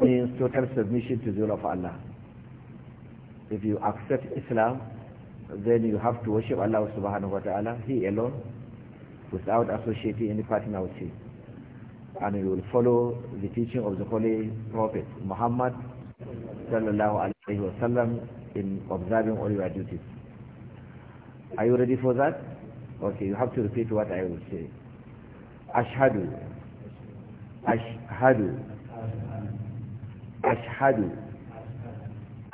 means total submission to the will of Allah. If you accept Islam, then you have to worship Allah subhanahu wa ta'ala, He alone, without associating any partner with Him. And you will follow the teaching of the Holy Prophet Muhammad sallallahu alaihi wasallam in observing all your duties. Are you ready for that? Okay, you have to repeat what I will say. Ashhadu. Ashhadu. Ashhadu.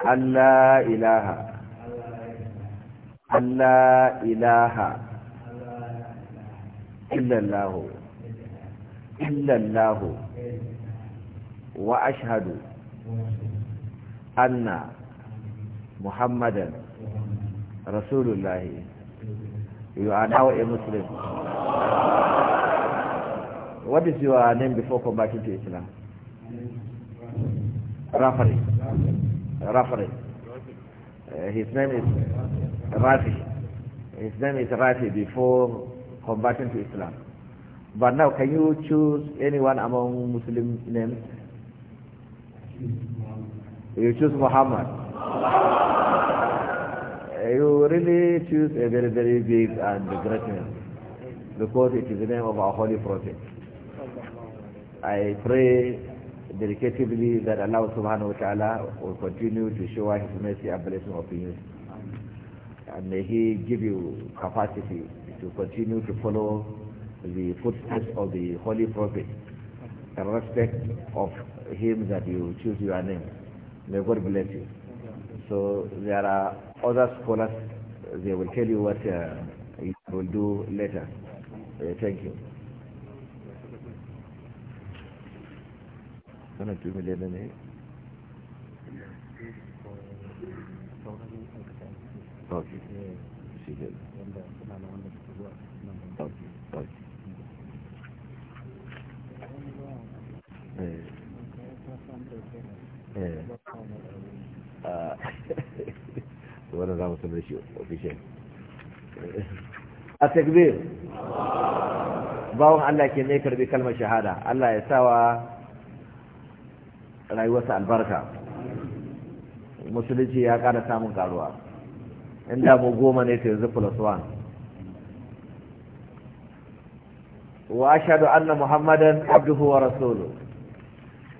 Allah ilaha. Allah ilaha. إلا الله إلا الله وأشهد أن محمدا رسول الله you are now a Muslim what is your name before converting to Islam Rafari Rafari uh, his name is Rafi his name is Rafi before converting to Islam but now can you choose anyone among Muslim names you choose Muhammad. Eh, you really choose a very, very big and great name because it is the name of our holy prophet. I pray dedicatively that Allah subhanahu wa ta'ala will continue to show his mercy and blessing upon you. And may he give you capacity to continue to follow the footsteps of the holy prophet in respect of him that you choose your name. May God bless you. So there are other scholars, they will tell you what uh, you will do later. Uh, thank you. Sana two million ne? Okay. She did. wannan za mu sanar shi official a takbir bawon Allah ke ne karbi kalmar shahada Allah ya sawa rayuwarsa albarka musulunci ya kada samun karuwa inda mu goma ne ta yanzu plus one wa ashadu anna muhammadan abduhu wa rasuluhu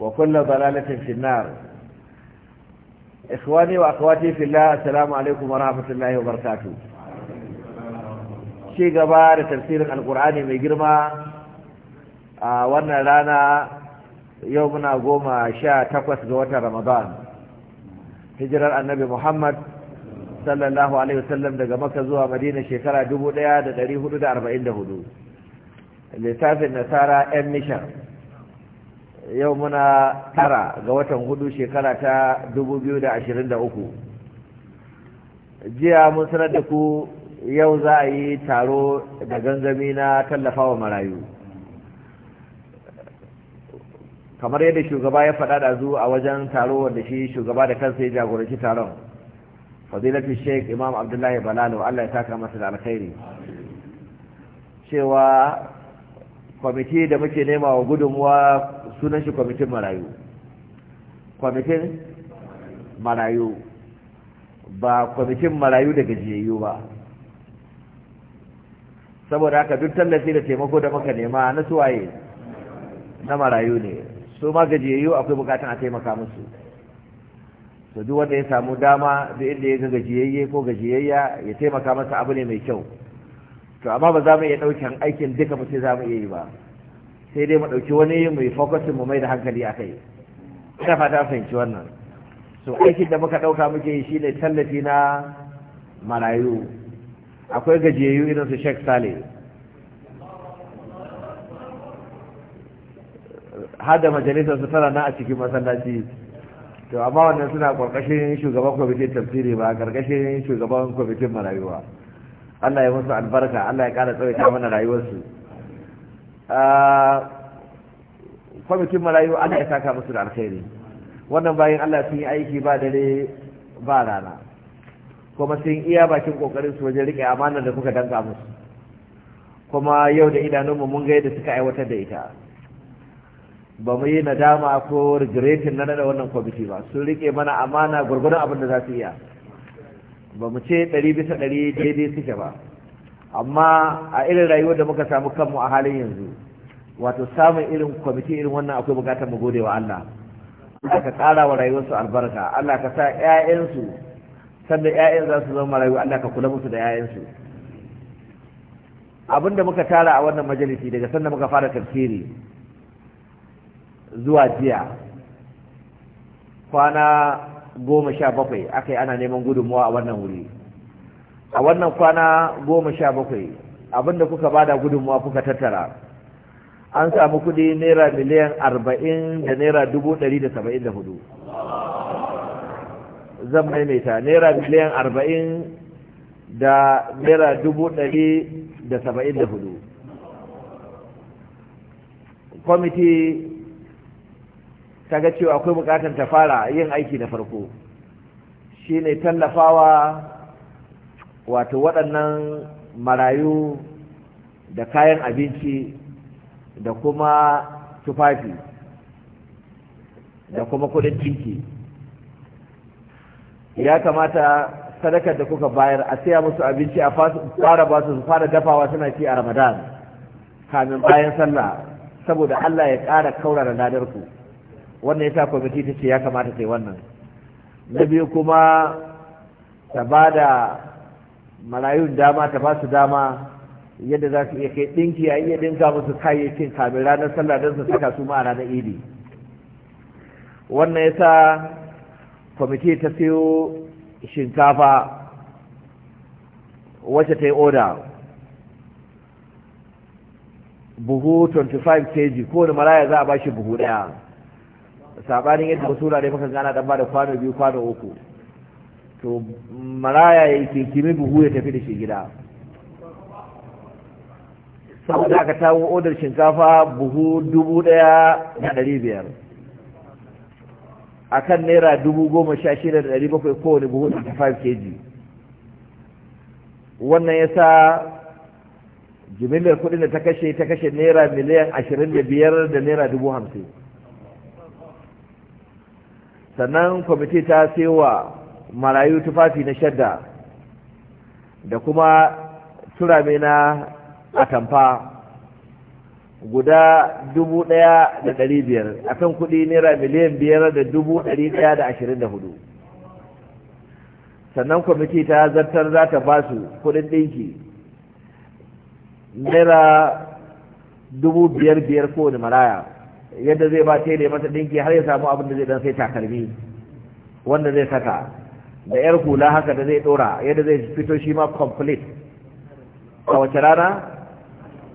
Wa kulle bazanetin finna'ar. Ikwani waka wataifilla, as-salaamualeykum wa rahoto da layuha, barkatu. Ci gaba da tafsirin al mai girma a wannan rana yau muna goma sha takwas ga watan Ramadan. Tijjirar annabi Muhammad sallallahu alaihi wa daga Makka zuwa madina shekara dubu ɗaya nasara an nisha. yau muna tara ga watan hudu shekara ta 2023 jiya mun sanar da ku yau za a yi taro da gangami na tallafawa marayu kamar yadda shugaba ya faɗa da zu a wajen taro wanda shi shugaba da kansa ya jagoranci taron fadilatu sheik imam abdullahi balalo allah ya saka masa da alkhairi cewa kwamiti da muke nema wa gudunmuwa sunan shi kwamitin marayu kwamitin marayu ba kwamitin marayu da gajiyayyu ba saboda haka duk tallafi da taimako da muka nema na suwaye na marayu ne su ma gajiyayyu akwai bukatan a taimaka musu to duk wanda ya samu dama da inda ya ga gajiyayye ko gajiyayya ya taimaka masa abu ne mai kyau to amma ba za mu iya ɗaukin aikin duka ba sai za mu iya yi ba sai dai mu ɗauki wani mai focusin mu mai da hankali a kai ina fata fahimci wannan so aikin da muka ɗauka muke yi shine tallafi na marayu akwai gajiyayyu irin su Sheikh Saleh hada majalisar su tara na a cikin masallaci to amma wannan suna karkashin shugaban kwamitin tafsiri ba karkashin shugaban kwamitin marayuwa Allah ya musu albarka Allah ya kara tsawaita mana rayuwarsu Ah, kwamitin marayu Allah ya saka musu da alkhairi wannan bayan Allah sun yi aiki ba dare ba rana kuma sun iya bakin kokarin su wajen rike amanar da kuka danka musu kuma yau da mu mun ga yadda suka aiwatar da ita ba mu yi nadama ko regretin na da wannan kwamiti ba sun rike mana amana gwargwadon abin da za su iya ba mu ce ɗari bisa ɗari daidai suke ba amma a irin rayuwar da muka samu kanmu a halin yanzu wato samun irin kwamiti irin wannan akwai bukatar mu gode wa Allah Allah ka tsara wa rayuwarsu albarka Allah ka sa ƴaƴansu sanda ƴaƴan za su zama rayuwa Allah ka kula musu da ƴaƴansu abin da muka tara a wannan majalisi daga sanda muka fara tafsiri zuwa jiya kwana goma sha bakwai aka yi ana neman gudunmuwa a wannan wuri a wannan kwana goma sha bakwai abinda kuka bada gudunmuwa kuka tattara an samu kudi naira miliyan arba'in da naira dubu ɗari da saba'in da hudu zan maimaita naira miliyan arba'in da naira dubu ɗari da saba'in da hudu kwamiti ta ga cewa akwai bukatar ta fara yin aiki na farko Shi ne tallafawa wato waɗannan marayu da kayan abinci da kuma tufafi da kuma kudin ciki ya kamata sadakar da kuka bayar a siya musu abinci a fara ba su fara dafawa suna ci a ramadan kamin bayan sallah saboda allah ya ƙara kaurara nadarku wannan ya sa kwamiti ta ce ya kamata ta yi wannan na biyu kuma ta ba da marayun dama ta ba su dama yadda za su iya kai ɗinki a iya ɗinka musu kayayyakin kamin ranar sallah don su saka su ma a ranar idi wannan ya sa kwamiti ta siyo shinkafa wacce ta yi oda buhu 25 kg kowane maraya za a ba shi buhu ɗaya sabanin yadda wasu wurare makon gana ɗan ba da kwano biyu kwano uku to maraya ya kinkimi buhu ya tafi da shi gida saboda aka tawo odar shinkafa buhu dubu daya da dari biyar a kan naira dubu goma sha shida da dari bakwai kowane buhu da 5 kg wannan ya sa jimillar kudin da ta kashe ta kashe naira miliyan ashirin da biyar da naira dubu hamsin sannan kwamiti ta sewa marayu tufafi na shadda da kuma turame na atamfa guda dubu daya da dari biyar a kan kudi naira miliyan biyar da dubu dari daya da ashirin da hudu sannan kwamiti ta zartar za ta ba su kudin dinki naira dubu biyar biyar kowane maraya yadda zai ba tele masa dinki har ya samu abin da zai dan sai takalmi wanda zai saka da yar hula haka da zai dora yadda zai fito shi ma complete a wace rana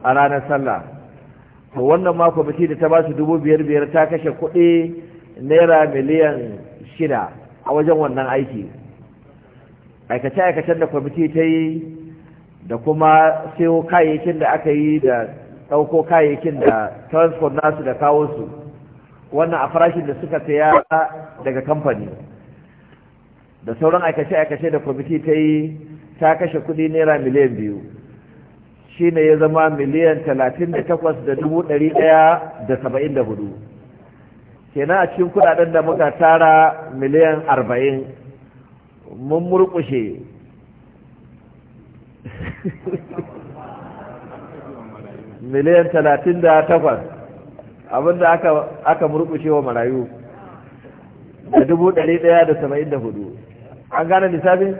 a ranar sallah to wannan ma kwamiti da ta ba su dubu biyar biyar ta kashe kuɗi naira miliyan shida a wajen wannan aiki aikace-aikacen da kwamiti ta yi da kuma siyo kayayyakin da aka yi da ɗauko kayayyakin da transport nasu da kawo su wannan a farashin da suka saya daga kamfani da sauran aikace-aikace da kwamiti ta yi ta kashe kudi naira miliyan biyu shi ne ya zama miliyan talatin da takwas da dubu ɗari ɗaya da saba'in da hudu kenan a cikin kudaden da muka tara miliyan arba'in mun murkushe miliyan talatin da takwas abinda aka murkushe wa marayu da dubu ɗari ɗaya da saba'in da hudu an gane lissafin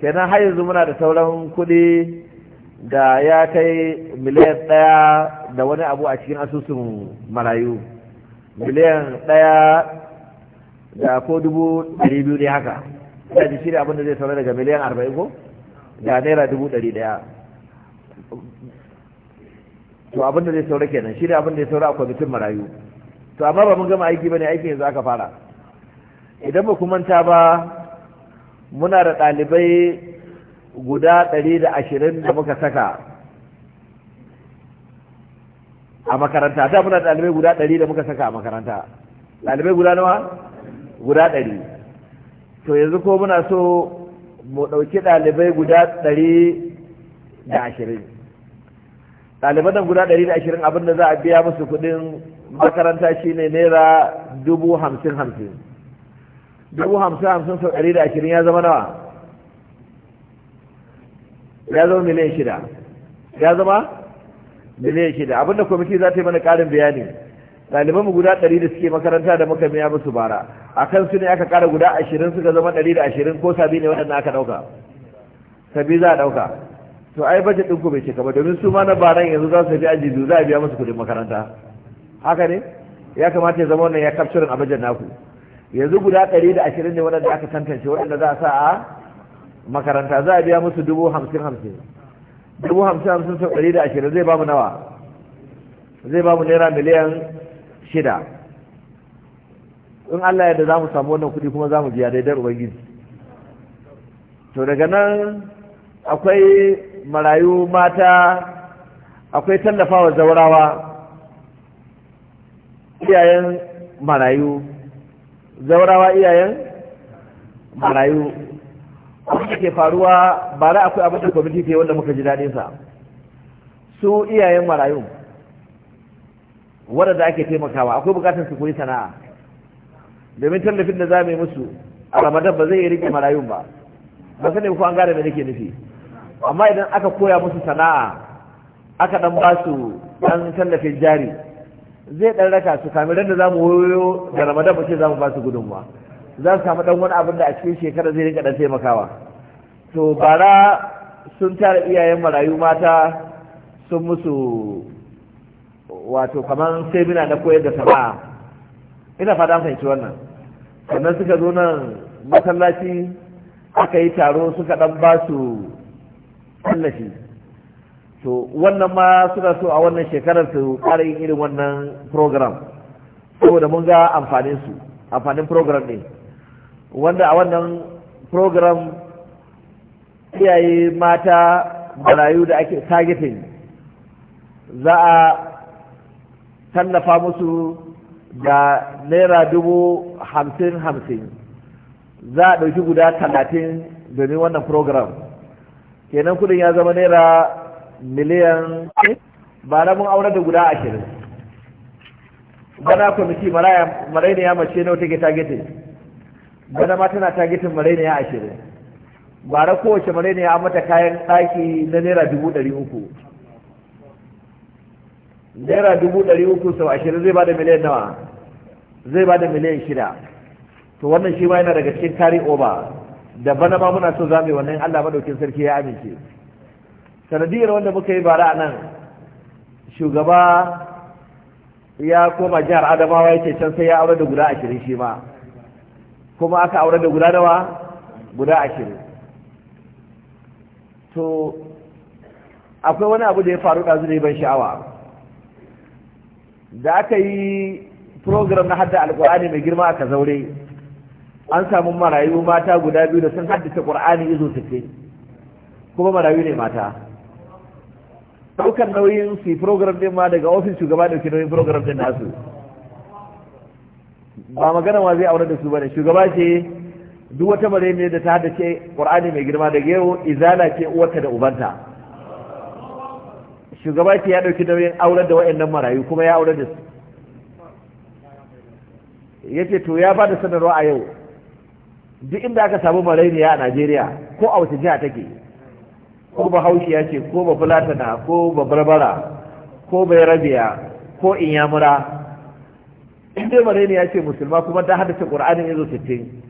kenan har yanzu muna da sauran kuɗi da ya kai miliyan ɗaya da wani abu a cikin asusun marayu miliyan ɗaya da ko dubu ɗari biyu ne haka ina ji shi abin da zai saura daga miliyan arba'in ko da naira dubu ɗari ɗaya to abin da zai saura kenan shi ne abin da zai saura a kwamitin marayu to amma ba mun gama aiki ba ne aikin yanzu aka fara idan ba kuma manta ba muna da ɗalibai guda ɗari da ashirin da muka saka a makaranta ta muna da ɗalibai guda ɗari da muka saka a makaranta ɗalibai guda nawa guda ɗari to yanzu ko muna so mu ɗauki ɗalibai guda ɗari da ashirin ɗaliban nan guda ɗari da ashirin abinda za a biya musu kuɗin makaranta shine naira dubu hamsin hamsin dubu hamsin hamsin sau ɗari da ashirin ya zama nawa ya zama miliyan shida ya zama miliyan shida abinda kwamiti za ta yi mana ƙarin bayani ɗaliban mu guda ɗari da suke makaranta da muka miya musu bara a kan su ne aka ƙara guda ashirin suka zama ɗari da ashirin ko sabi ne waɗanda aka ɗauka sabi za a ɗauka to ai bajet ɗin ku bai cika ba domin su ma na baran yanzu za su tafi aji za a biya musu kuɗin makaranta haka ne ya kamata ya zama wannan ya kafshirin a bajet naku yanzu guda ɗari da ashirin ne waɗanda aka tantance waɗanda za a sa a makaranta za a biya musu dubu hamsin hamsin dubu hamsin hamsin sau ɗari da ashirin zai bamu nawa zai bamu naira miliyan shida in allah yadda za mu samu wannan kuɗi kuma za mu biya daidai ubangiji to daga nan akwai marayu mata akwai tallafawa zaurawa iyayen marayu zaurawa iyayen marayu abin da ke faruwa ba za akwai abin da kwamiti ke wanda muka ji daɗin su iyayen marayu wadda ake taimakawa akwai bukatar su koyi sana'a domin tallafin da za mu yi musu a ramadan ba zai rike marayun ba ba sani ko an gane me nake nufi amma idan aka koya musu sana'a aka dan ba su dan tallafin jari zai ɗan raka su kamin ran da zamu wayo da Ramadan mu ce zamu ba su gudunmuwa za su samu dan wani abin da a cikin shekara zai rinka dan taimakawa to bara sun tara iyayen marayu mata sun musu wato kaman semina na koyar da sana'a ina fata an fahimci wannan sannan suka zo nan masallaci aka yi taro suka dan ba su tallafi to wannan ma suna so a wannan shekarar su ƙara yin irin wannan program saboda mun ga amfanin su amfanin program ne wanda a wannan program iyaye mata marayu da ake targeting za a tallafa musu da naira dubu hamsin hamsin za a ɗauki guda talatin domin wannan program kenan kudin ya zama naira miliyan eh? ba na mun aure da guda ashirin bana kwamiti marainiya mace na take targetin bana ma tana targetin marainiya ashirin ba na kowace marainiya an mata kayan ɗaki na naira dubu ɗari uku naira dubu ɗari uku sau ashirin zai bada miliyan nawa zai bada miliyan shida to wannan shi ma yana daga cikin kari oba da bana ma muna so zamu yi wannan allah maɗaukin sarki ya amince sanadiyar wanda muka yi bara a nan shugaba ya koma jihar adamawa ya ce can sai ya aure da guda ashirin shi ma kuma aka aure da guda nawa guda ashirin to akwai wani abu da ya faru ɗazu da ban sha'awa da aka yi program na hadda alƙur'ani mai girma aka zaure an samu marayu mata guda biyu da sun haddace ƙur'ani izo sittin kuma marayu ne mata daukar nauyin su program din ma daga ofis shugaba dauki nauyin program din nasu ba magana ma zai aure da su bane shugaba ce duk wata bare ne da ta hada ce qur'ani mai girma daga yau izala ce uwarta da ubanta shugaba ce ya dauki nauyin aure da wayannan marayu kuma ya aure da su yace to ya bada sanarwa a yau duk inda aka samu marayu ne a Najeriya ko a wata jiha take ko ba ya ce ko ba fulatana ko ba barbara ko bai rabiya ko inyamura in dai mare ne ya ce musulma kuma ta haddace ƙur'anin ya zo sittin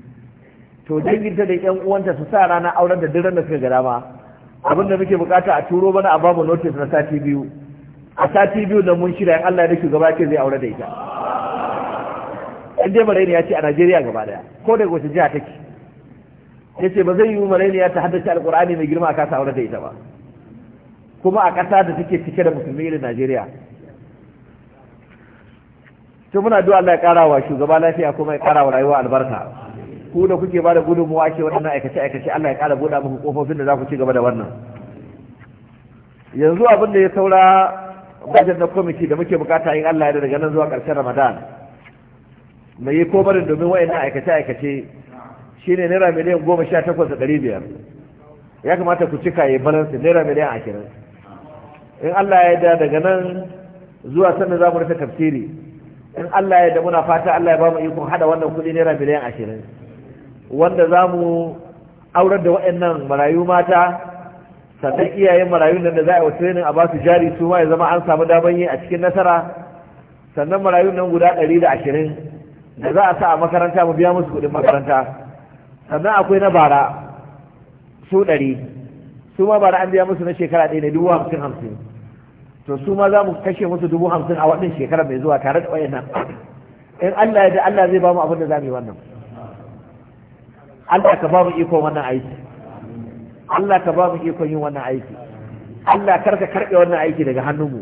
to danginta da yan uwanta su sa rana auren da duran da suka ga dama abin da muke bukata a turo mana a babu notis na sati biyu a sati biyu da mun shirya in Allah ya shugaba gaba ke zai aure da ita in dai mare ne ya ce a Najeriya gaba daya ko da wace jiha take yace ba zai yi ya ta haddace alqur'ani mai girma a kasa aure da ita ba kuma a ƙasa da take cike da musulmi da Najeriya to muna addu'a Allah ya ƙara wa shugaba lafiya kuma ya ƙara rayuwa albarka ku da kuke ba da gudunmuwa ake waɗannan aikace aikace Allah ya ƙara buɗa muku kofofin da za ku ci gaba da wannan yanzu abin da ya saura bajet na kwamiti da muke bukata yin Allah ya daga nan zuwa ƙarshen Ramadan mai yi komarin domin waɗannan aikace aikace Shi ne naira miliyan goma sha takwas da ɗari biyar ya kamata ku cika yi balansi naira miliyan ashirin in allah ya da daga nan zuwa sanda za mu rufe tafsiri in allah ya da muna fata allah ya ba mu ikon hada wannan kuɗi naira miliyan ashirin wanda za mu aurar da waɗannan marayu mata sannan iyayen marayun nan da za a yi training a ba su jari su ma ya zama an samu daman yi a cikin nasara sannan marayun nan guda ɗari da ashirin da za a sa a makaranta mu biya musu kuɗin makaranta sannan akwai na bara su ɗari su ma bara an biya musu na shekara ɗaya ne dubu hamsin hamsin to su ma za mu kashe musu dubu hamsin a waɗin shekara mai zuwa tare da wayannan in Allah ya Allah zai ba mu abin da za mu yi wannan Allah ka ba mu ikon wannan aiki Allah ka ba mu ikon yin wannan aiki Allah kar ka karɓe wannan aiki daga hannunmu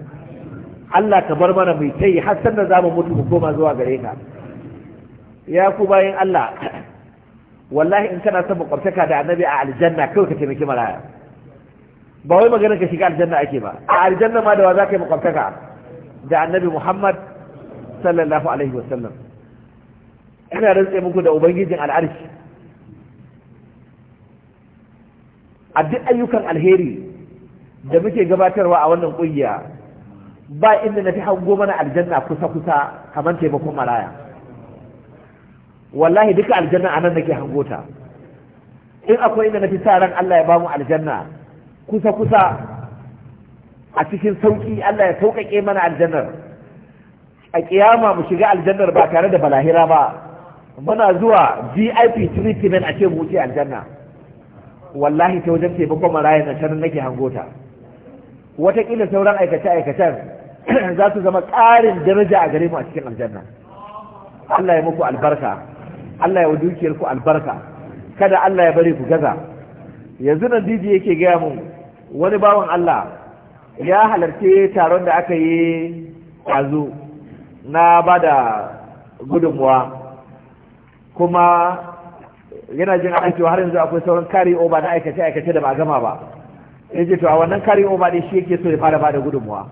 Allah ka bar mana mai tayi har sanda za mu mutu mu koma zuwa gare ka ya ku bayan Allah wallahi in kana son makwabtaka da annabi a aljanna kawai ka taimaki maraya ba wai maganar ka shiga aljanna ake ba a aljanna ma da wa za ka yi makwabtaka da annabi muhammad sallallahu alaihi wasallam ina rantse muku da ubangijin al'arshi a duk ayyukan alheri da muke gabatarwa a wannan kungiya ba inda na fi hango mana aljanna kusa-kusa kamar taimakon maraya wallahi duka aljanna anan nake hangota in akwai inda na fi sa ran Allah ya bamu aljanna kusa kusa a cikin sauki Allah ya sauƙaƙe mana aljannar a kiyama mu shiga aljannar ba tare da balahira ba muna zuwa VIP treatment a ce mu wuce aljanna wallahi ta wajen taimakon marayan na can nake hangota watakila sauran aikace-aikacen za su zama ƙarin daraja a gare mu a cikin aljanna Allah ya muku albarka Allah ya wa dukiyar ku albarka kada Allah ya bari ku gaza yanzu nan didi yake gaya mu wani bawan Allah ya halarci taron da aka yi ƙwazo na bada kuma yana jin an cewa har yanzu akwai sauran kari oba na aikace-aikace da ba gama ba in ji to a wannan kari oba ne shi yake so ya fara ba da gudunmuwa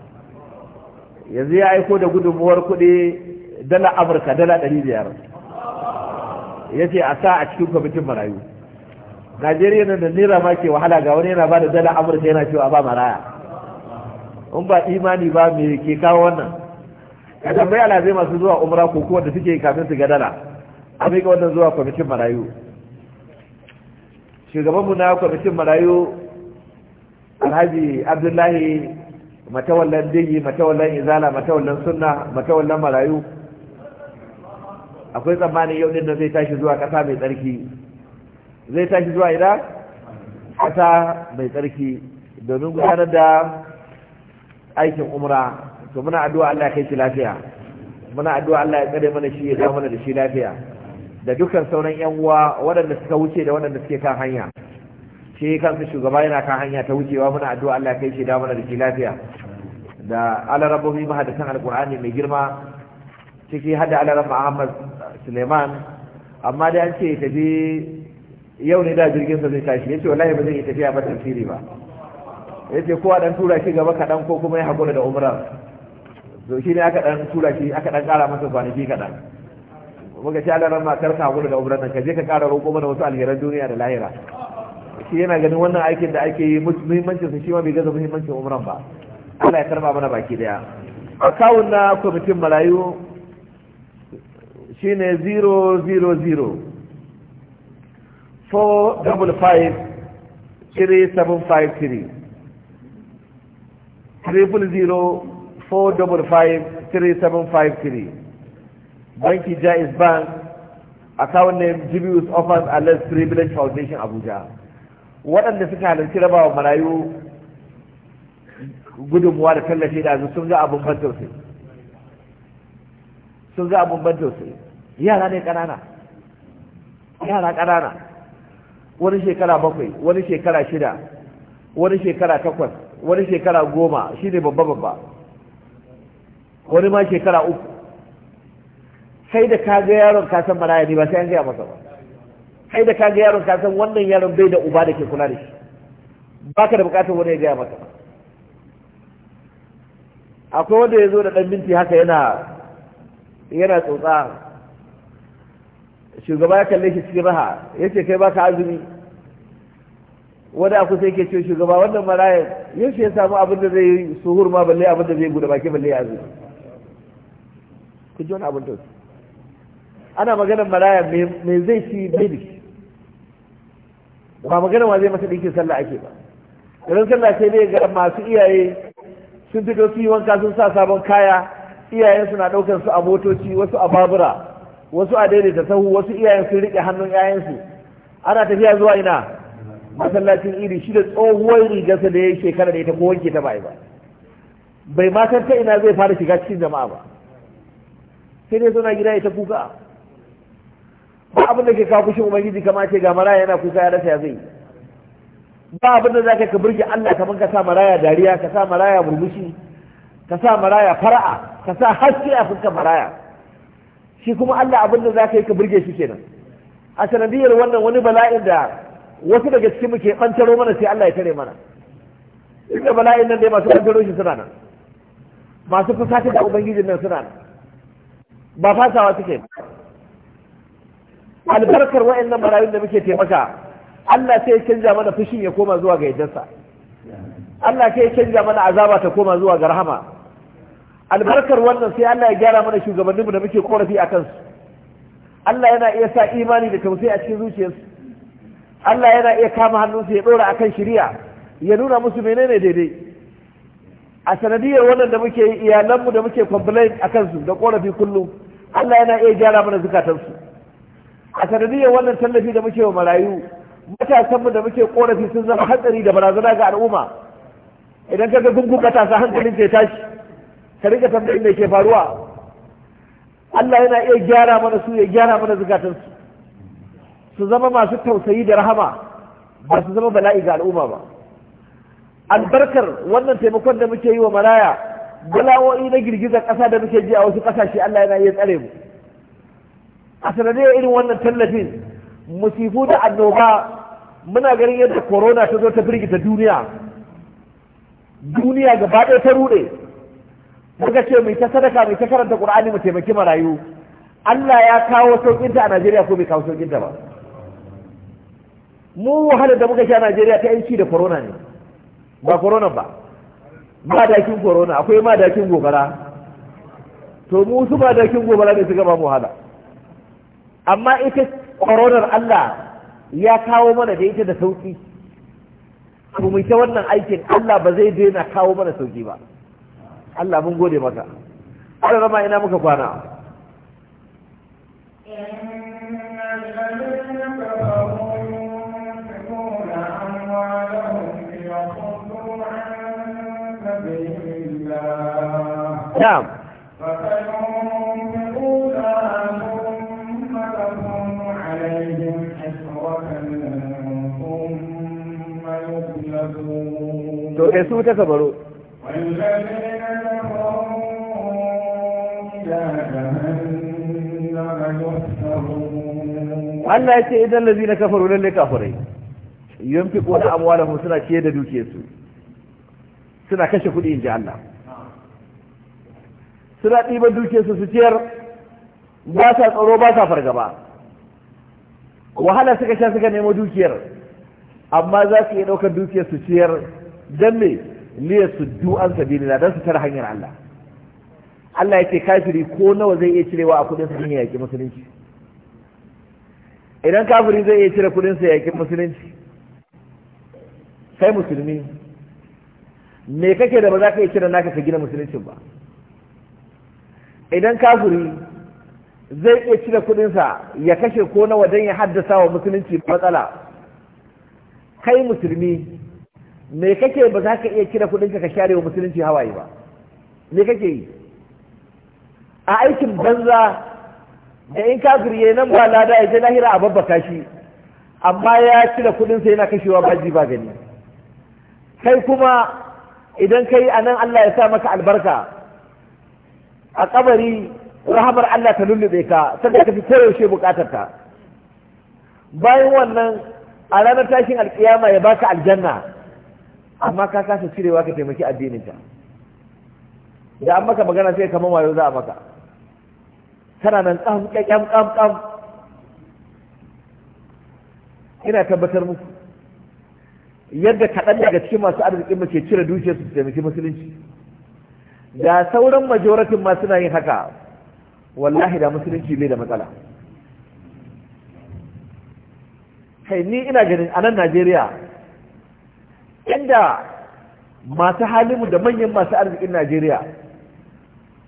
yanzu ya aiko da gudunmuwar kuɗi dala amurka dala ɗari biyar ya ce a sa a cikin kwamitin marayu najeriya nan da naira ma ke wahala ga wani yana ba da dala amurka yana cewa ba maraya in ba imani ba me ke kawo wannan ka tambayi alazai masu zuwa umra ko kuwa da suke kafin su ga dala a ga wannan zuwa kwamitin marayu shugabanmu na kwamitin marayu alhaji abdullahi matawallan dingi matawallan izala matawallan sunna matawallan marayu akwai tsammanin yau din nan zai tashi zuwa ƙasa mai tsarki zai tashi zuwa ina ƙasa mai tsarki domin gudanar da aikin umra to muna addu'a Allah ya kai shi lafiya muna addu'a Allah ya tsare mana shi ya dawo mana da shi lafiya da dukkan sauran yan uwa waɗanda suka wuce da waɗanda suke kan hanya shi kansa shugaba yana kan hanya ta wucewa muna addu'a Allah ya kai shi dawo mana da shi lafiya da alarabobi mahadatan alqur'ani mai girma ciki hada alaran Muhammad suleiman amma dai an ce ya tafi yau ne da jirgin sa zai tashi ya ce wallahi ba zai yi tafiya ba tafsiri ba ya ce kowa dan tura shi gaba kaɗan ko kuma ya haƙura da umrar to shi ne aka dan tura shi aka dan ƙara masa kwanaki kaɗan muka ce Allah ranma kar ka haƙura da umrar nan ka je ka ƙara roƙo mana wasu alheran duniya da lahira shi yana ganin wannan aikin da ake yi muhimmancin shi ma bai gaza muhimmancin umran ba Allah ya karba mana baki daya kawun na kwamitin malayu shine ne 3753 banki jais bank account name jibius offers a less privilege foundation abuja waɗanda suka halarci rabawa marayu gudunmuwa da tallafi da sun ga abin ban sun ga abun ban tausayi yara ne ƙanana yara ƙanana wani shekara bakwai wani shekara shida wani shekara takwas wani shekara goma shi ne babba babba wani ma shekara uku sai da ka ga yaron ka san mara ne ba sai an gaya masa ba sai da ka ga yaron ka san wannan yaron bai da uba da ke kula da shi ba ka da bukatar wani ya gaya masa ba akwai wanda ya zo da ɗan minti haka yana yana tsotsa shugaba ya kalle shi cikin raha ya ce kai baka azumi wani aku sai ke ce shugaba wannan marayan shi ya samu abin da zai suhur ma balle abin da zai bude baki balle ya zai ku ji wani abin tausi ana maganar maraya mai zai ci bai ba maganar ma zai masa ɗinkin sallah ake ba idan sallah sai ne ga masu iyaye sun fito su yi wanka sun sa sabon kaya iyayen suna ɗaukar su a motoci wasu a babura wasu a daidaita sahu wasu iyayen sun riƙe hannun ƴaƴansu ana tafiya zuwa ina masallacin iri shi da tsohuwar rigarsa da ya yi shekara da ita ko wanke ta bai ba bai ma san ta ina zai fara shiga cikin jama'a ba sai dai suna gida ita kuka ba abin da ke kawo kushin ubangiji kama ce ga maraya yana kuka ya rasa ya zai ba abin da zaka ka burge Allah kamar ka sa maraya dariya ka sa maraya burbushi ka sa maraya fara'a ka sa haske a fuskar maraya shi kuma Allah abin da ka yi ka burge shi kenan a sanadiyar wannan wani bala'in da wasu daga cikin muke ke bantaro mana sai Allah ya tare mana inda bala'in nan dai masu bantaro shi suna nan masu fusata da ubangijin nan suna nan ba fasawa suke albarkar nan marayun da muke taimaka Allah sai ya canza mana fushin ya koma zuwa ga yaddarsa Allah kai ya canja mana azaba ta koma zuwa ga rahama albarkar wannan sai Allah ya gyara mana shugabanninmu da muke korafi a kansu Allah yana iya sa imani da tausayi a cikin zuciyarsu Allah yana iya kama hannunsa ya dora akan shari'a ya nuna musu menene daidai a sanadiyar wannan da muke yi iyalanmu da muke complain a kansu da korafi kullum Allah yana iya gyara mana zukatansu a sanadiyar wannan tallafi da muke wa marayu matasanmu da muke korafi sun zama hatsari da barazana ga al'umma idan ka ga gungun tasa hankalin sai tashi ka rinka tambayin da ke faruwa Allah yana iya gyara mana su ya gyara mana zukatansu su su zama masu tausayi da rahama ba su zama bala'i ga al'umma ba albarkar wannan taimakon da muke yi wa maraya bala'o'i na girgizar kasa da muke ji a wasu kasashe Allah yana iya tsare mu a sanadiyar irin wannan tallafin musifu da annoba muna ganin yadda corona ta zo ta birgita duniya duniya gaba ɗaya ta ruɗe muka ce mai ta sadaka mai ta karanta ƙur'ani mu taimaki marayu Allah ya kawo sauƙinta a Najeriya ko bai kawo sauƙinta ba mu wahala da muka sha Najeriya ta yanci da corona ne ba corona ba kin corona akwai kin gobara to mu su kin gobara ne suka gaba mu wahala amma ita coronar Allah ya kawo mana da ita da sauƙi ko mu ta wannan aikin Allah ba zai daina kawo mana sauki ba Allah mun gode maka Allah rama ina muka kwana Yeah. kai su ta sabaro. Allah ya ce idan lazi na kafaru lalle kafirai yan fi kona amwalan suna ciye da dukiyarsu suna kashe kuɗi in ji Allah suna ɗiban dukiyarsu su ciyar ba sa tsaro ba sa fargaba wahala suka sha suka nemo dukiyar amma za su iya ɗaukar dukiyar su ciyar dan me liya suddu an sabilina dan su tar hanyar Allah Allah yake kafiri ko nawa zai iya cirewa a kudin sa ya yaki musulunci idan kafiri zai iya cire kudin sa ya yaki musulunci sai musulmi me kake da ba za ka iya cire naka ka gina musulunci ba idan kafiri zai iya cire sa ya kashe ko nawa don ya haddasa wa musulunci matsala kai musulmi me kake ba za ka iya kira kudinka ka share wa musulunci hawaye ba me kake yi a aikin banza da in ka nan ba lada ya je lahira a babbaka shi amma ya cire kudin sa yana kashewa ba ji ba gani kai kuma idan kai nan Allah ya sa maka albarka a kabari rahamar Allah ta lullube ka sanda ka fi koyaushe bukatar ka bayan wannan a ranar tashin alkiyama ya baka aljanna amma ka kasa cirewa ka taimaki ta da an maka magana sai kamar wayo za a maka tana nan tsam kyam tsam tsam ina tabbatar muku yadda kaɗan daga cikin masu arzikin mace cire dukiyar su taimaki musulunci da sauran majoratin ma suna yin haka wallahi da musulunci bai da matsala kai ni ina ganin a nan najeriya inda masu halimu da manyan masu arzikin najeriya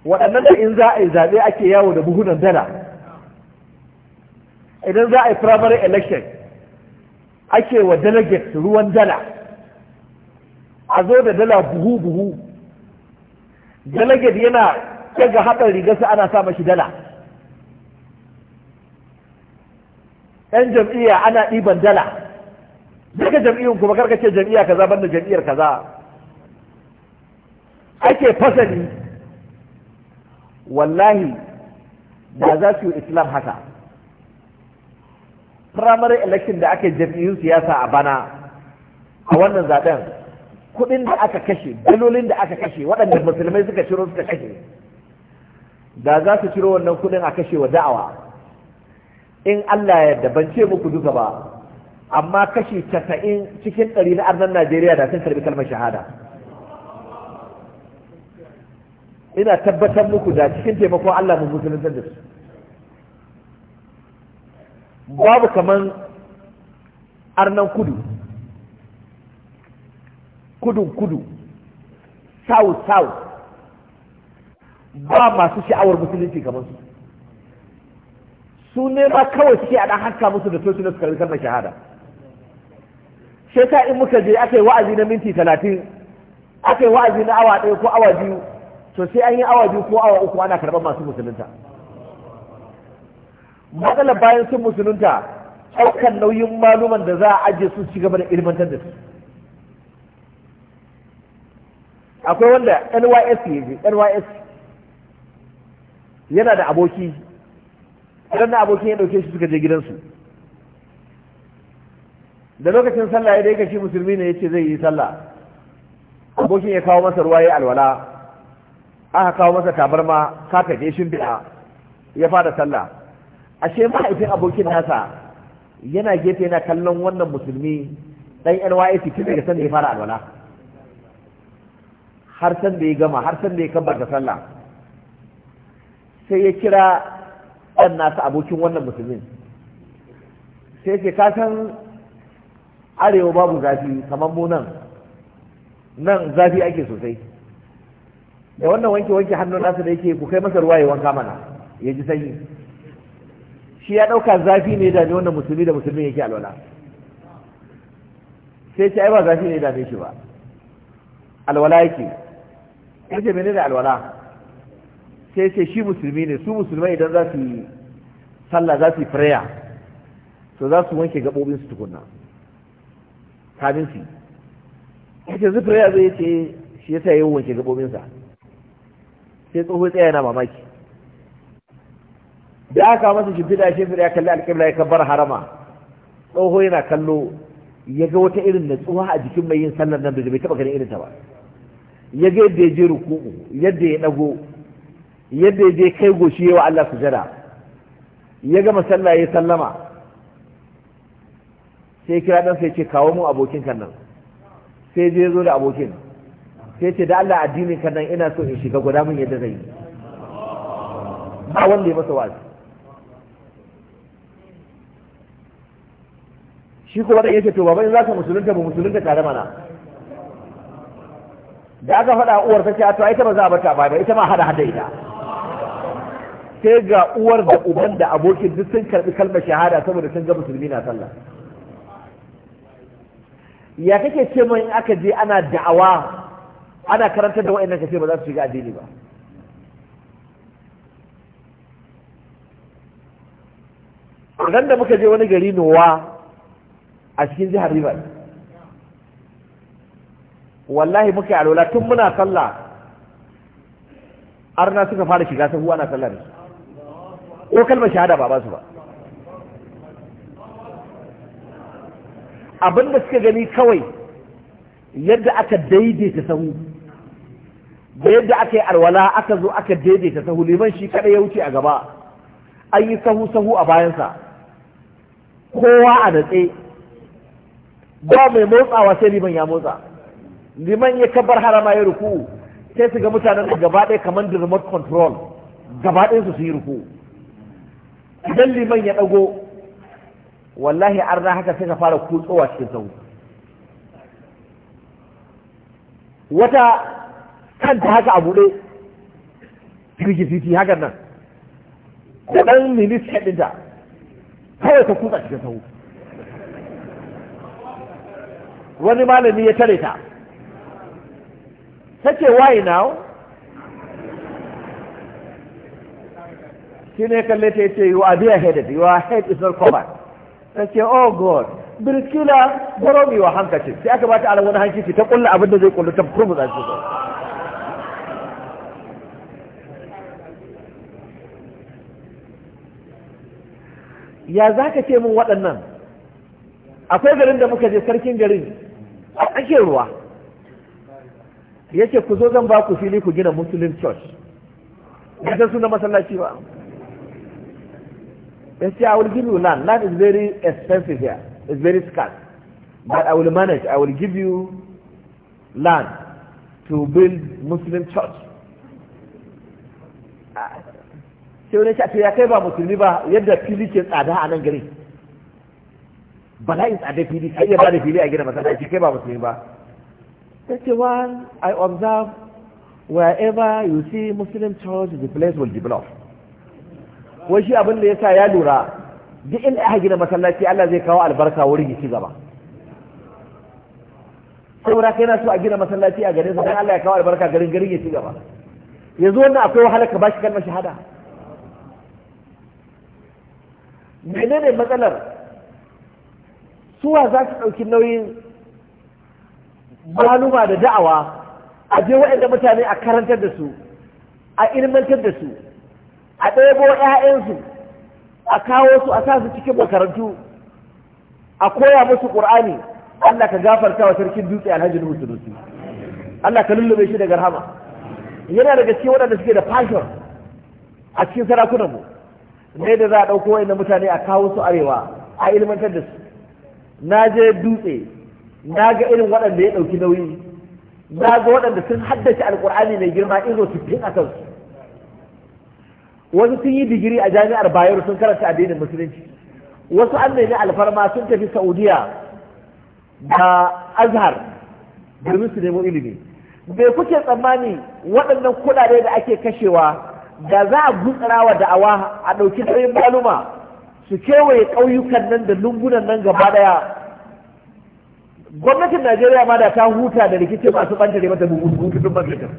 waɗannan da in za a yi zaɓe ake yawo da buhunan dala idan za a yi primary election ake wa delegates ruwan dala a zo da dala buhu-buhu delegate yana daga haɗar rigarsa ana sa mashi dala yan jam'iyya ana ɗiban dala duka jam'iyyun kuma karka ce jam'iyya kaza banda jam'iyyar kaza ake fasali wallahi da za su yi islam haka primary election da aka jam'iyyun siyasa a bana a wannan zaben kudin da aka kashe dalolin da aka kashe waɗanda musulmai suka ciro suka kashe da za su ciro wannan kudin a kashe wa da'awa in Allah ya ban ce muku duka ba amma kashi casa'in cikin ɗari na arnan najeriya da sun karbi kalmar shahada ina tabbatar muku da cikin taimakon allah mu musulun da su babu kaman arnan kudu kudun kudu south south ba masu sha'awar musulunci kamar su su ne ba kawai suke a ɗan haska musu da toshi na su karbi kalmar shahada sai ta in muka je aka yi wa'azi na minti talatin aka yi wa'azi na awa ɗaya ko awa biyu to sai an yi awa biyu ko awa uku ana karɓar masu musulunta matsalar bayan sun musulunta ɗaukar nauyin maluman da za a ajiye su ci gaba da ilmantar da su akwai wanda nys ya je nys yana da aboki idan na abokin ya ɗauke shi suka je gidansu da lokacin sallah ya dai shi musulmi ne yace zai yi sallah abokin ya kawo masa ruwa ya alwala aka kawo masa tabarma ka shin bi'a ya fara sallah ashe mahaifin abokin nasa yana gefe yana kallon wannan musulmi dan NYC ki daga san ya fara alwala har san da ya gama har san da ya kabbata sallah sai ya kira ɗan nasa abokin wannan musulmin sai ce ka san arewa babu zafi kamar mu nan nan zafi ake sosai da wannan wanke wanke hannun nasa da yake ku kai masa ruwa ya wanka mana ya ji sanyi shi ya ɗauka zafi ne da wanda musulmi da musulmi yake alwala sai ce ai ba zafi ne dame shi ba alwala yake ya ce menene alwala sai ce shi musulmi ne su musulmai idan za su yi sallah za su yi prayer to za su wanke gaɓoɓinsu tukunna kamin su ce zufra ya zo ce shi yasa yayin wanke gabobinsa sai tsoho tsaye yana mamaki da aka masa shi fida ya kalli alƙibla ya kabbar harama tsoho yana kallo ya ga wata irin natsuwa a jikin mai yin sallar nan da bai taɓa ganin irin ta ba ya ga yadda ya je ruku'u yadda ya ɗago yadda ya je kai goshi yawa Allah sujada ya gama sallah sallama sai kira ɗansa ya ce kawo mu abokin kan nan sai zai zo da abokin sai ce da Allah addinin kan nan ina so in shiga guda mun yadda zai yi ba wanda ya masa wa'azi shi kuma da yake to baba in ka musulunta ba musulunta tare mana da aka faɗa uwar ta ce a to ita ba za a bata ba ita ma hada hada ita sai ga uwar da uban da abokin duk sun karɓi kalmar shahada saboda sun ga musulmi na sallah ya kake ce mai in aka je ana da'awa ana karantar da wa'annan kace ba za su shiga addini ba ran da muka je wani gari nowa a cikin jihar Rivers wallahi muka yi alola tun muna sallah arna suka fara shiga sahu ana sallah da su ko kalmar shahada ba ba su ba abin da suka gani kawai yadda aka daidaita sahu da yadda aka yi alwala aka zo aka daidaita sahu liman shi kada ya wuce a gaba an yi sahu sahu a bayansa kowa a natse ba mai motsawa sai liman ya motsa liman ya kabar harama ya ruku sai su ga mutanen gaba ɗaya kamar da remote control gaba ɗayansu su yi ruku idan liman ya ɗago wallahi an na haka sai ka fara kutsowa cikin sau wata kanta haka a buɗe firgititi hakan nan da ɗan minista ɗinta kawai ka kutsa cikin sau wani malami ya tare ta sace why now shi ne kalle ta ce you are bare headed your head is not covered sai oh god birkila goro wa hankaci sai aka bata alam wani hankici ta kulla abin da zai kulla ta za shi ya zaka ce mun waɗannan akwai garin da muka je sarkin garin a ake ruwa yake ku zo zan ba ku fili ku gina muslim church ba san masallaci ba They say, I will give you land. Land is very expensive here. It's very scarce. But I will manage. I will give you land to build Muslim church. Ah. Sai wani shafi ya kai ba musulmi ba yadda fili ke tsada a nan gari. Bala'in tsada fili, kai ya ba da fili a gina masallaci kai ba musulmi ba. Sai one, I observe wherever you see Muslim church, the place will develop. wai shi abin da yasa ya lura duk inda aka gina masallaci Allah zai kawo albarka wurin ya ci gaba saboda kai na so a gina masallaci a garin sa dan Allah ya kawo albarka garin garin ya gaba yanzu wannan akwai wahala ka bashi kalmar shahada menene matsalar suwa za su ɗauki nauyin maluma da da'awa a je waɗanda mutane a karantar da su a ilmantar da su a ɗebo 'ya'yansu a kawo su a sa su cikin makarantu a koya musu ƙur'ani Allah ka gafarta wa sarkin dutse alhaji nuhu sunusi Allah ka lullube shi daga rahama yana daga cikin waɗanda suke da fashon a cikin sarakunan mu ne da za a ɗauko wa'in mutane a kawo su arewa a ilmantar da su na je dutse na ga irin waɗanda ya ɗauki nauyi na ga waɗanda sun haddace alƙur'ani mai girma izo su fin a kansu wasu sun yi digiri a jami'ar bayero sun karanta addinin musulunci wasu an nemi alfarma sun tafi saudiya da azhar domin su nemo ilimi bai kuke tsammani waɗannan kuɗaɗe da ake kashewa da za a gutsarawa da'awa a ɗauki tsayin maluma su kewaye ƙauyukan nan da lungunan nan gaba ɗaya gwamnatin najeriya ma da ta huta da rikicin masu ɓanta ne mata bukutun mafitar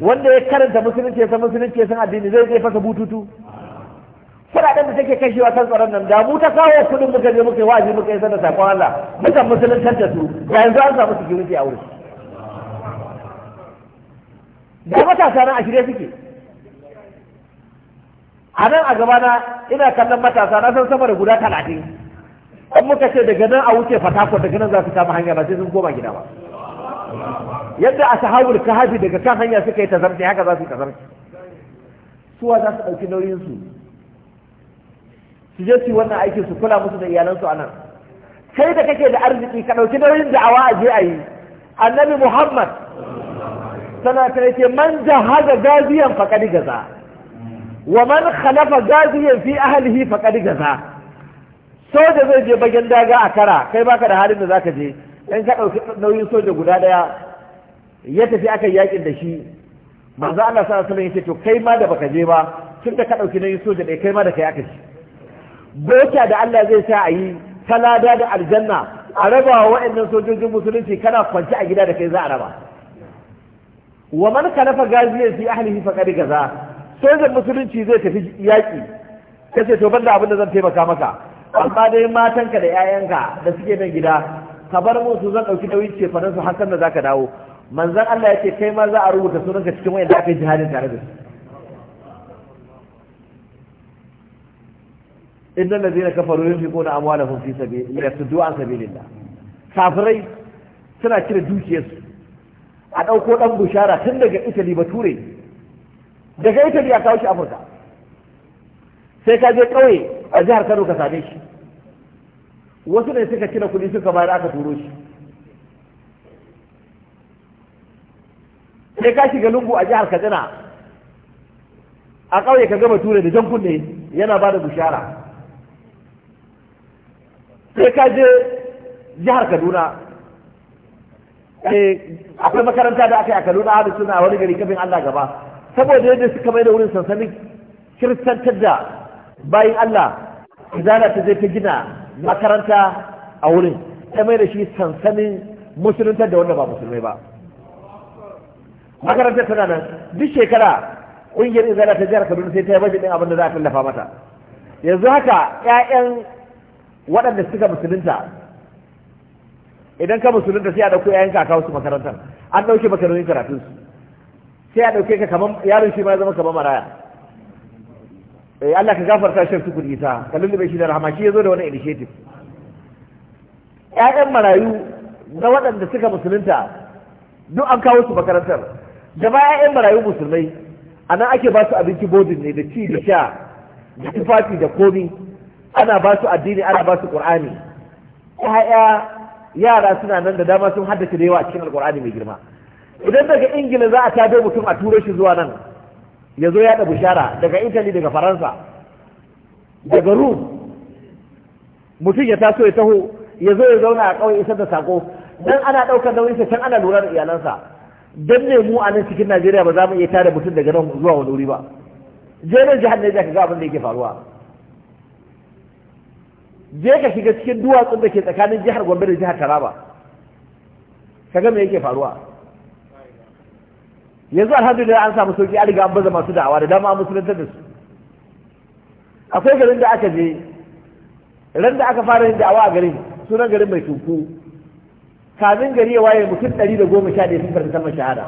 wanda ya karanta musulunci san musulunci san addini zai zai fasa bututu kuɗaɗen da take kashewa kan tsaron nan da mu ta kawo kuɗin muka je muka yi wa'azi muka yi sanda sakon Allah muka musuluntar da su da yanzu an samu security a wurin da matasa nan a shirye suke a nan a gaba na ina kallon matasa na san sama da guda talatin an muka ce daga nan a wuce fatako daga nan za su kama hanya ba sai sun koma gida ba yadda a sahabul kahafi daga kan hanya suka yi tazarci haka za su yi tazarci suwa za su ɗauki nauyinsu su je su yi wannan aikin su kula musu da iyalansu a nan kai da kake da arziki ka ɗauki nauyin da'awa a je a yi annabi muhammad Tana ta yake man jahaza gaziyan faƙari gaza wa man khalafa gaziyan fi ahlihi faƙari gaza soja zai je bagen daga a kara kai baka da halin da zaka je in ka ɗauki nauyin soja guda ɗaya ya tafi aka yakin da shi manzo Allah sallallahu alaihi wasallam yace to kai ma da baka je ba tun da ka dauki nayin soja dai kai ma da kai aka ci boka da Allah zai sa a yi talada da aljanna a raba wa waɗannan sojojin musulunci kana kwanci a gida da kai za a raba wa man kalafa gaziyan fi ahlihi faqad gaza sojan musulunci zai tafi yaki kace to banda abin da zan taimaka maka amma dai matanka da 'ya'yanka da suke nan gida ka bar musu zan ɗauki nauyin ce su har da zaka dawo manzan Allah ya ce kai ma za a rubuta sunanka cikin wayanda aka yi jihadin tare da su inna allazina kafaru yunfiquna amwalahum fi sabili yasuddu an sabilillah kafirai suna cire dukiyarsu a ɗauko ɗan bushara tun daga Italy bature daga Italy a kawo shi Afirka. sai ka je ƙauye a jihar Kano ka same shi wasu ne suka cire kuɗi suka bayar aka turo shi sai ka shiga lungu a jihar Katsina a ƙauye ka gama ture da jan kunne yana ba da bushara sai ka je jihar Kaduna eh, akwai makaranta da aka yi a Kaduna a suna a wani gari kafin Allah gaba saboda yadda suka mai da wurin sansanin kiristantar da bayan Allah zana ta je ta gina makaranta a wurin ta mai da shi sansanin musuluntar da wanda ba musulmai ba makarantar tana nan duk shekara ƙungiyar izala ta jihar kaduna sai ta yi bajin ɗin abin da za a tallafa mata yanzu haka 'ya'yan waɗanda suka musulunta idan ka musulunta sai a ɗauko 'ya'yan ka kawo su makarantar an ɗauke makarantar karatun su sai a ɗauke ka kamar yaron shi ma zama kamar maraya eh Allah ka gafarta shi su kudi ta da bai shi da rahama shi yazo da wani initiative ƴaƴan marayu na waɗanda suka musulunta duk an kawo su makarantar da baya yan marayu musulmai a nan ake ba su abinci bodin ne da ci da sha da tufafi da komi ana ba su addini ana ba su qur'ani ya'ya yara suna nan da dama sun haddace da yawa a cikin Alƙur'ani mai girma idan daga ingila za a tado mutum a turo shi zuwa nan ya zo ya bishara daga italy daga faransa daga rum mutum ya taso ya taho ya zo ya zauna a ƙauye isar da saƙo. dan ana ɗaukar nauyinsa can ana lura da iyalansa dan ne mu a nan cikin Najeriya ba za mu iya tada mutum daga nan zuwa wani wuri ba je nan jihar Najeriya ka ga abin da yake faruwa je ka shiga cikin duwatsun da ke tsakanin jihar Gombe da jihar Taraba ka ga me yake faruwa yanzu alhamdulillah an samu sauki an riga an baza masu da'awa da dama an musulunta da su akwai garin da aka je ran da aka fara yin da'awa a garin sunan garin mai tunku kamin gari ya waye mutum ɗari da goma sha ɗaya sun karɓi sama shahada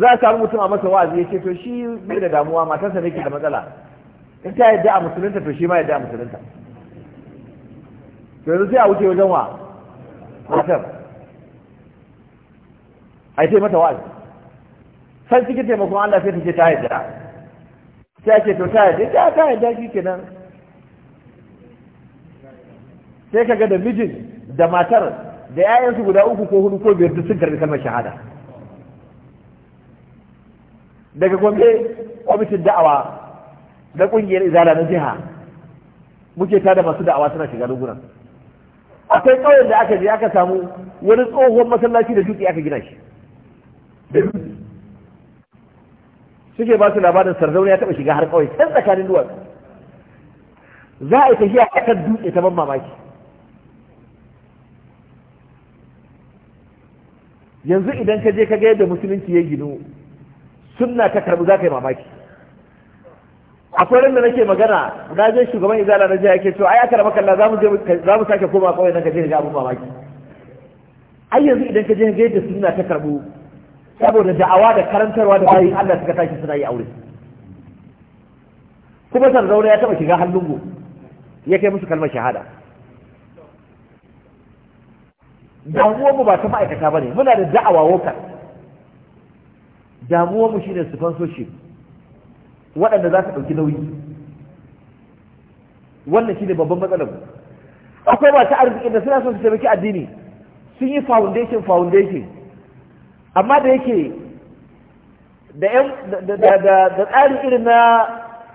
za a samu mutum a masa wa'azi ya ce to shi bai da damuwa matarsa ne ke da matsala in ta yadda a musulunta to shi ma yadda a musulunta to yanzu sai a wuce wajen wa matar a yi mata wa'azi san cikin taimakon Allah sai ta ce ta yadda sai ce to ta yadda ta yadda shi kenan sai ka ga da mijin da matar da 'ya'yansu guda uku ko hudu ko biyar duk sun karbi kalmar shahada daga gombe kwamitin da'awa na kungiyar izala na jiha muke tada masu da'awa suna shiga lungunan akwai ƙauyen da aka je aka samu wani tsohon masallaci da dutse aka gina shi da dutse suke ba su labarin sarzauni ya taɓa shiga har kawai can tsakanin duwatsu za a yi tafiya a kan dutse ta ban mamaki yanzu idan ka je ka ga yadda musulunci ya ginu suna ta karbu za ka yi mamaki akwai ran da nake magana na je shugaban izala na jiya ke cewa ai aka rabaka Allah za mu sake koma kawai nan ka je ga abun mamaki ai yanzu idan ka je ga yadda suna ta karbu saboda da'awa da karantarwa da bayin Allah suka tashi suna yi aure kuma sarzauna ya taba shiga hannun ya kai musu kalmar shahada damuwarmu ba ta ma'aikata ba ne muna da da'awa woka damuwarmu shine sponsorship waɗanda za su ɗauki nauyi wannan shine babban matsalar mu akwai masu arziki da suna son su taimaki addini sun yi foundation foundation amma da yake da tsarin irin na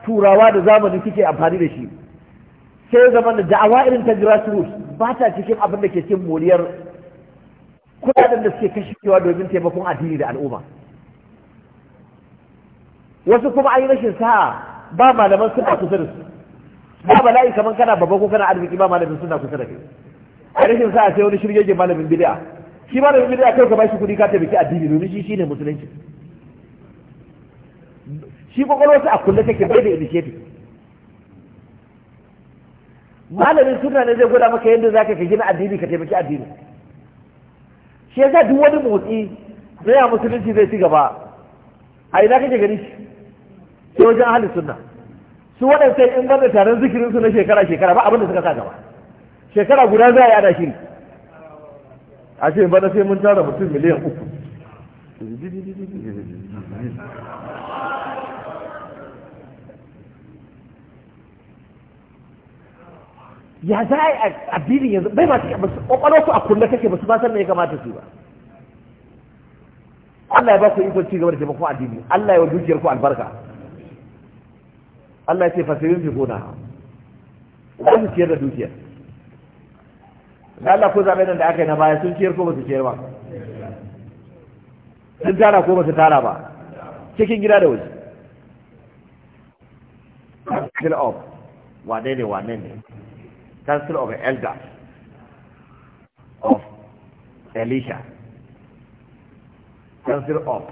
turawa da zamani kike amfani da shi sai zaman da da'awa irin ta grassroots ba ta cikin abin da ke cikin moriyar kudaden da suke kashewa domin taimakon addini da al'umma wasu kuma an yi rashin sa'a ba malaman suna kusa da su ba bala'i kamar kana babba ko kana arziki ba malamin suna kusa da kai a rashin sa'a sai wani shirgege malamin bid'a shi malamin bid'a kai ka bashi kuɗi ka taimaki addini domin shi shine musulunci shi kwakwalwarsa a kulle take bai da initiative malamin suna ne zai gwada maka yadda zaka ka gina addini ka taimaki addini shi yasa duk wani motsi na ya musulunci zai ci gaba a ina kake gani shi sai wajen ahli sunna su waɗansu in banda taron zikirin su na shekara shekara ba abin da suka sa gaba shekara guda za a yi ana shiri a ce in bana sai mun tara mutum miliyan uku ya za a yi addini yanzu bai masu kwakwalwar su a kulle kake ba su ba san me ya kamata su ba Allah ya ba ku ikon cigaba da taimakon addini Allah ya wa dukiyar ku albarka Allah ya ce fasirin su gona ba su ciyar da dukiyar da Allah ko zaɓe nan da aka yi na baya sun ciyar ko ba su ciyar ba sun tara ko ba su tara ba cikin gida da waje. Fill up, wane ne wane ne. council of elders of Elisha, council of.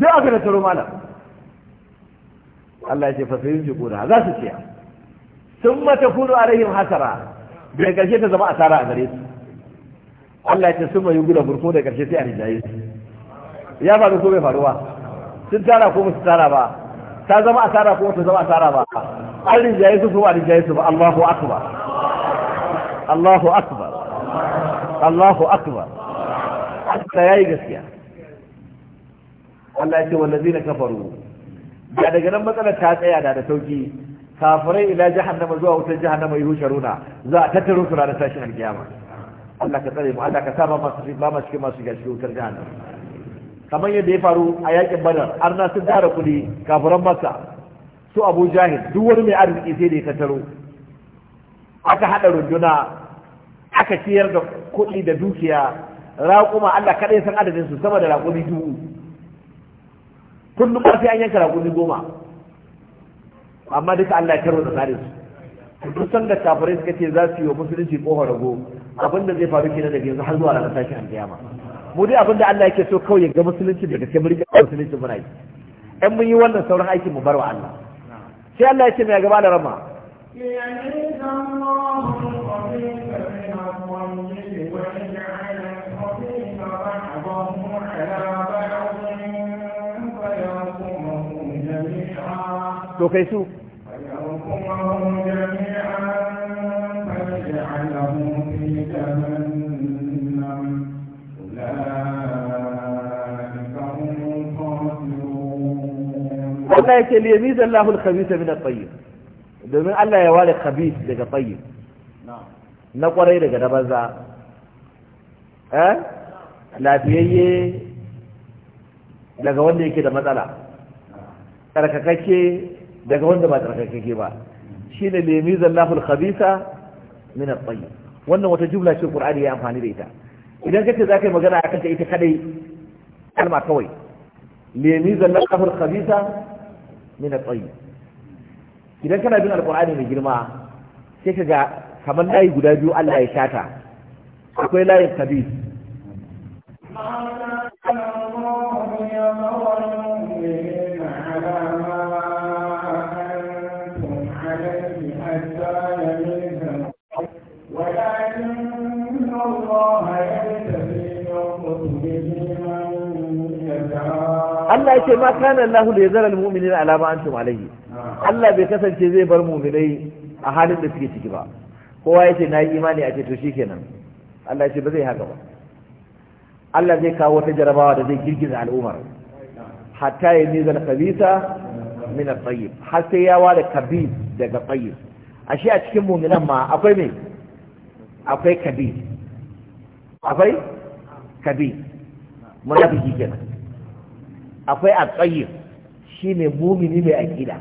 Zai aka da taro malam. Allah ya ce fasirin su kuna za su ciya. Sun mata kudu a rahim hasara, da ƙarshe ta zama asara a gare su. Allah ya ce sun mayu guda burko da ƙarshe sai a rijaye su. Ya faru ko bai faruwa? Sun tara ko ba su tara ba, ta zama asara ko ta zama asara ba an rinjaye su ko an rinjaye su ba Allahu akbar Allahu akbar Allahu akbar Allah yayi gaskiya Allah ya ce wallazina kafaru da daga nan matsalar ta tsaya da da sauki kafirai ila jahannama zuwa wutar jahannama yusharuna za a tattaro su ranar tashin alkiyama Allah ka tsare mu Allah ka saba masu ba masu cikin masu gashi wutar jahannama kamar yadda ya faru a yakin badar har na sun tara kudi kafiran masa su abu jahil duk wani mai arziki sai da ya tattaro aka haɗa runduna aka ciyar da kuɗi da dukiya raƙuma Allah kaɗai san adadin su sama da raƙumi dubu kullum sai an yanka raƙumi goma amma duka Allah ya karo da tsarin su duk san da kafirai suka ce za su yi wa musulunci ƙofar rago abinda zai faru kenan daga yanzu har zuwa ranar tashin kiyama mu dai abinda Allah yake so kawai ga musulunci da gaske mun ga musulunci muna yi ɗan mun yi wannan sauran aiki mu bar wa Allah sai Allah ya ce mai gaba da rama to kai su Allah yake li yamiza Allahu al-khabitha min at-tayyib domin Allah ya ware khabis daga tayyib na kwarai daga na banza eh? lafiyayye daga wanda yake da matsala tsarkakakke daga wanda ba tsarkakakke ba shine ne yamiza Allahu lahul khabisa min at-tayyib wannan wata jumla ce Qur'ani ya amfani da ita idan kace zaka yi magana akan ta ita kadai kalma kawai li yamiza Allahu al min al tayyib idan kana bin alqur'ani mai girma sai kaga kamar layi guda biyu Allah ya shata akwai layin kabir Allah ya ce ma kana Allah da yazar almu'minina ala ma antum alayhi Allah bai kasance zai bar mu'minai a halin da suke ciki ba kowa ya ce na yi imani a ce to shikenan Allah ya ce ba zai haka ba Allah zai kawo wata jarabawa da zai girgiza al'ummar hatta ya nizal khabisa min at-tayyib har sai ya ware kabir daga tayyib ashe a cikin mu'minan ma akwai me akwai kabir akwai kabis munafiki kenan akwai at shi ne mumini mai aƙida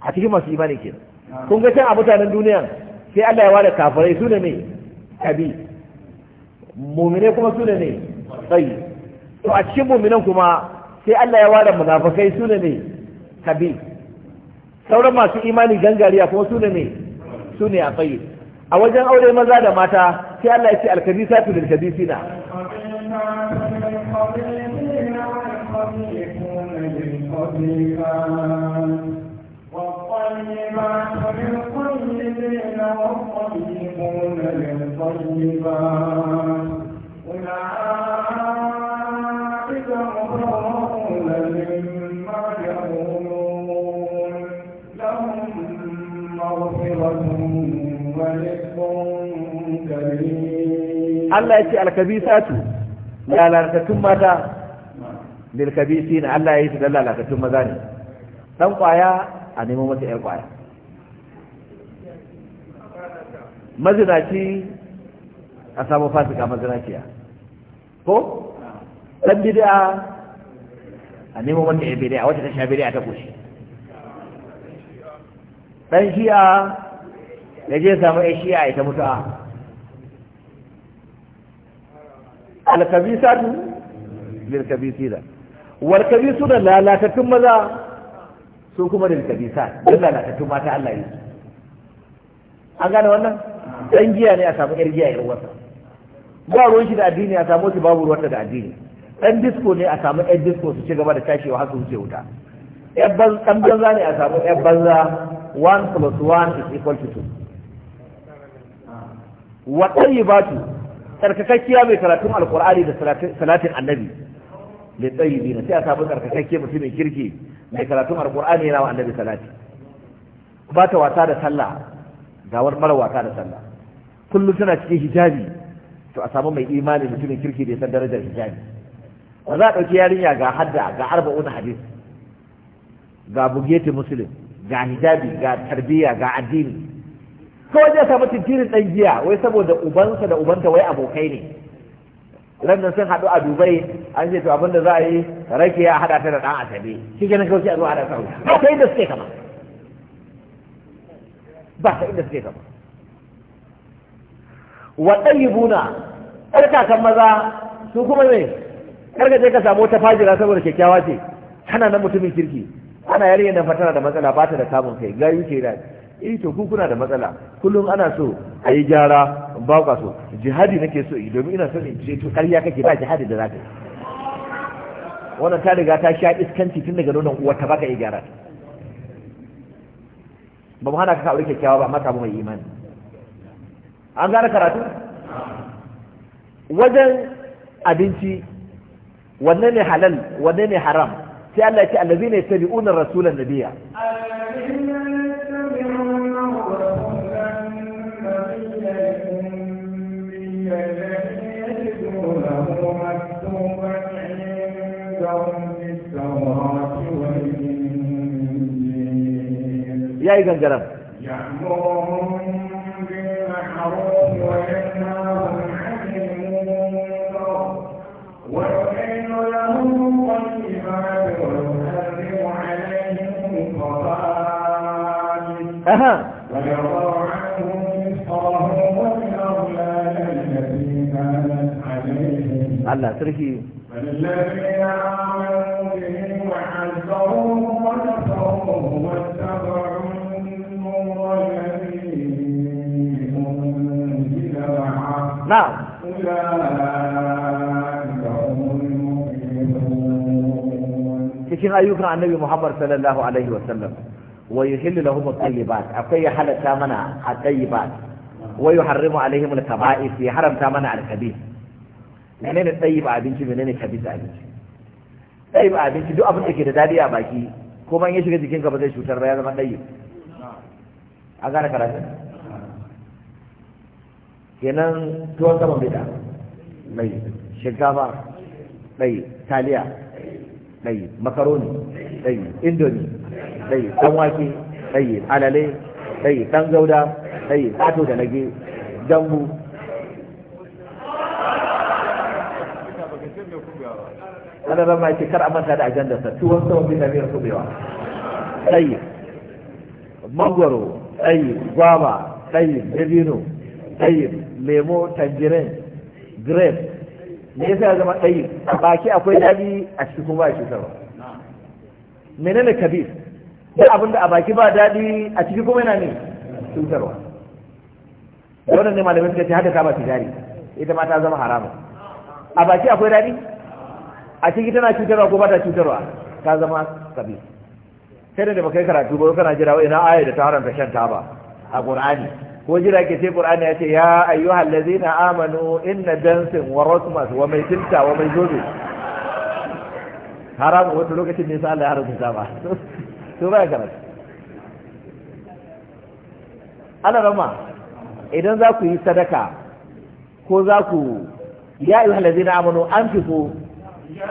a cikin masu imani ke kun ga can a mutanen duniya sai Allah ya wada kafirai su ne ne kabi mumine kuma su ne ne tsayi to a cikin muminan kuma sai Allah ya wada munafakai su ne ne kabi sauran masu imani gangariya kuma su ne ne su ne a tsayi a wajen aure maza da mata sai Allah ya ce alkabisatu da kabisina Allah ya ce alkabisatu, lalatattun mata lilkabisi na Allah ya yi su dan lalatattun maza ne ɗan kwaya a neman wata yar kwaya mazinaci a samu fasika mazinaciya ko ɗan bidiya a neman wata ya bidiya wata ta sha bidiya ta kushe Ɗan shi'a ya je samu ya shi'a ita mutu'a alkabisatu da. warkabi da lalatattun maza su kuma da sa, don lalatattun mata Allah yi an gane wannan dan giya ne a samu yar giya yar wasa ba ruwan shi da addini a samu shi babu ruwan da addini dan disko ne a samu ƴan disko su ci gaba da tashewa har su wuce wuta ɗan banza ne a samu ƴan banza one plus one is equal to two wa tu tsarkakakkiya mai karatun alqur'ani da salatin annabi da tsayibi na sai a samu tsarkakakke mutumin kirki mai karatun alkur'ani yana wa annabi salati ba ta wasa da sallah gawar mara wasa da sallah kullum tana cikin hijabi to a samu mai imani mutumin kirki da ya san darajar hijabi ba za a ɗauki yarinya ga hadda ga arba'un hadis ga bugeti muslim ga hijabi ga tarbiyya ga addini kawai zai samu tintirin ɗan giya wai saboda ubansa da ubanta wai abokai ne rannan sun haɗu a dubai an ce to abin da za a yi rake ya haɗa ta da ɗan asabe shi ke na kauce a zuwa da sauri ba ta inda suke kama ba ta inda suke kama wa ɗayyibuna ƙarƙakan maza su kuma ne ƙarƙace ka samu wata fajira saboda kyakkyawa ce tana na mutumin kirki ana yarinya nan fatara da matsala ba ta da samun kai Gari ce da eh to ku kuna da matsala kullum ana so a yi gyara ba ka so jihadi nake so domin ina son in ce to ƙarya kake ba jihadi da zaka wannan ta riga ta sha iskanci tun daga nonon uwa ta baka yi gyara ba mu hana ka kawo kyakkyawa ba mata mai imani an gane karatu wajen abinci wanne ne halal wanne ne haram sai Allah ya ce allazina yattabi'una rasulan nabiyya جائزا yi أها عنهم والأغلال التي كانت عليهم الله تركي فالذين آمنوا به وحذروه ونصروه واتبعوا na'am cikin ayyukan annabi Muhammad sallallahu alaihi wasallam wa yuhillu lahum at-tayyibat akwai ya mana at-tayyibat wa yuharrimu alaihim al-kaba'is ya haramta mana al-kabith menene tayyib abinci menene kabith abinci tayyib abinci duk abin da ke da dadi a baki ko ban ya shiga jikinka ba zai cutar ba ya zama tayyib a gane karatu kenan tuwon sama bida mai shinkafa dai taliya dai makaroni dai indomi dai ɗan wake alale dai ɗan gauda dai ato da nage dambu ana ba mai kar a manta da ajandarsa tuwon sama bida miyar kubewa dai mangoro dai gwaba dai dabino dai. lemo tangerine grape me yasa ya zama ɗayi a baki akwai daɗi a ciki kuma ba shi sarwa menene kabir da abinda a baki ba daɗi a ciki kuma yana ne cutarwa da wannan ne malamai suka ce haka kama sigari. ita ma ta zama harama a baki akwai daɗi a ciki tana cutarwa ko ba ta cutarwa ta zama kabir sai da baka yi karatu ba kana jira wa ina aya da ta haramta shan taba a qur'ani ko jira ke sai qur'ani ya ce ya ayyuhal ladzina amanu inna dansin wa rasmas wa mai tilta wa mai zobe haram wata lokacin ne sai Allah ya haramta ba to ba karatu ana rama idan za ku yi sadaka ko za ku ya ayyuhal ladzina amanu anfiqu ya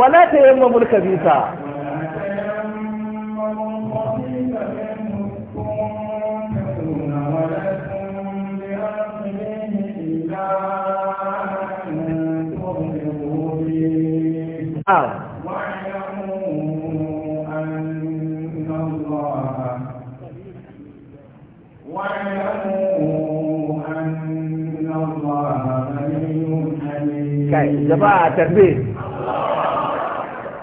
wala ta yamma mulka bisa jama'a tarbe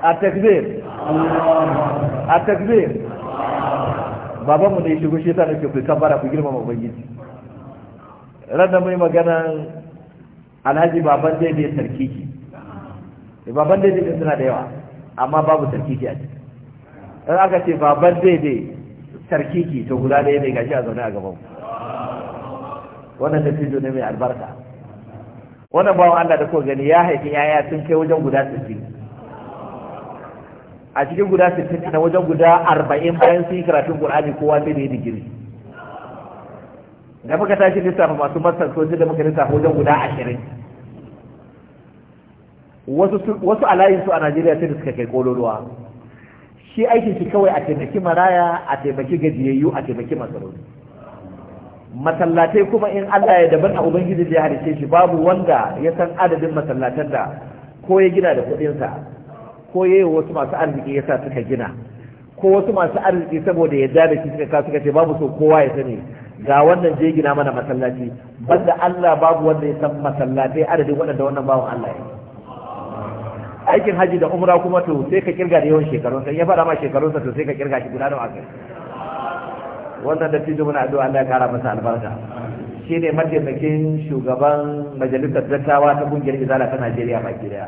التكبير التكبير baban mu ne shigo yasa nake ku kabbara ku girmama ubangiji ran da mai magana alhaji baban dai ne sarkiki eh, baban dai ne suna da yawa amma babu sarkiki a ciki in aka ce baban dai ne sarkiki to guda ɗaya ne gashi a zaune a gaban wannan dattijo ne mai albarka wannan bawan Allah da ko gani ya haifi yaya sun kai wajen guda 60 a cikin guda 60 na wajen guda 40 bayan sun yi karatun Qur'ani kowa sai da ya digiri da muka tashi lissafa masu masar soji da muka lissafa wajen guda 20 wasu alayin su a Najeriya sai da suka kai kololuwa shi aikin shi kawai a taimaki maraya a taimaki gajiyayyu a taimaki masarauti. masallatai kuma in Allah ya daban a ubangiji da ya halice shi babu wanda ya san adadin masallatan da ko ya gina da kuɗinsa ko yayi wasu masu arziki yasa suka gina ko wasu masu arziki saboda yadda da shi suka kawo suka ce babu so kowa ya sani ga wannan je gina mana masallaci banda Allah babu wanda ya san masallatai adadin waɗanda wannan babu Allah ya aikin haji da umra kuma to sai ka kirga da yawan shekarunsa ya faɗa ma shekarunsa to sai ka kirga shi guda da wasu. wannan da tijo muna addu'a Allah ya kara masa albarka shine mataimakin shugaban majalisar dattawa ta kungiyar izala ta Najeriya baki daya